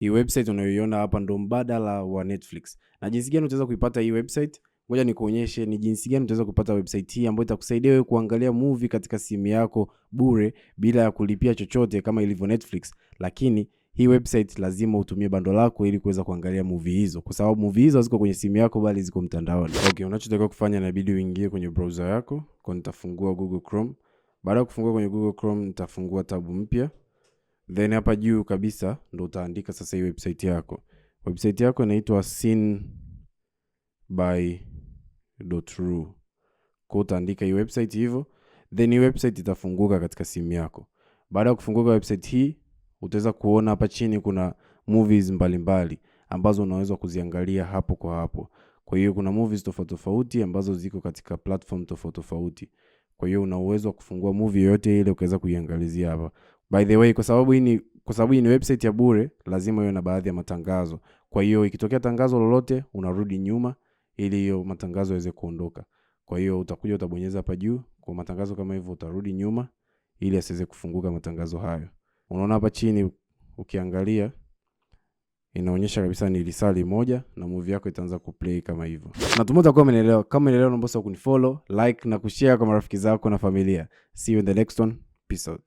Hii website unayoiona hapa ndo mbadala wa Netflix. Na jinsi gani utaweza kuipata hii website? Ngoja nikuonyeshe ni jinsi gani utaweza kupata website hii ambayo itakusaidia wewe kuangalia movie katika simu yako bure bila ya kulipia chochote kama ilivyo Netflix. Lakini hii website lazima utumie bando lako ili kuweza kuangalia movie hizo, kwa sababu movie hizo haziko kwenye simu yako, bali ziko mtandaoni. Okay, unachotakiwa kufanya, inabidi uingie kwenye browser yako. Kwa nitafungua Google Chrome. Baada ya kufungua kwenye Google Chrome, nitafungua tabu mpya. Then hapa juu kabisa ndo utaandika sasa hii website yako. Website yako inaitwa sin by ru Kwa utaandika hii website hivyo, then hii website itafunguka katika simu yako. Baada ya kufunguka website hii, utaweza kuona hapa chini kuna movies mbalimbali mbali, ambazo unaweza kuziangalia hapo kwa hapo. Kwa hiyo kuna movies tofauti tofauti ambazo ziko katika platform tofauti tofauti. Kwa hiyo una uwezo wa kufungua movie yoyote ile ukaweza kuiangalizia hapa by the way, kwa sababu hii ni kwa sababu hii ni website ya bure, lazima iwe na baadhi ya matangazo. Kwa hiyo ikitokea tangazo lolote unarudi nyuma ili hiyo matangazo yaweze kuondoka. Kwa hiyo utakuja utabonyeza hapa juu kwa matangazo kama hivyo, utarudi nyuma ili asiweze kufunguka matangazo hayo. Unaona hapa chini ukiangalia inaonyesha kabisa ni lisali moja na movie yako itaanza kuplay kama hivyo. Natumai utakuwa umeelewa. Kama umeelewa, naomba kunifollow, like na kushare kwa marafiki zako na familia. See you in the next one. Peace out.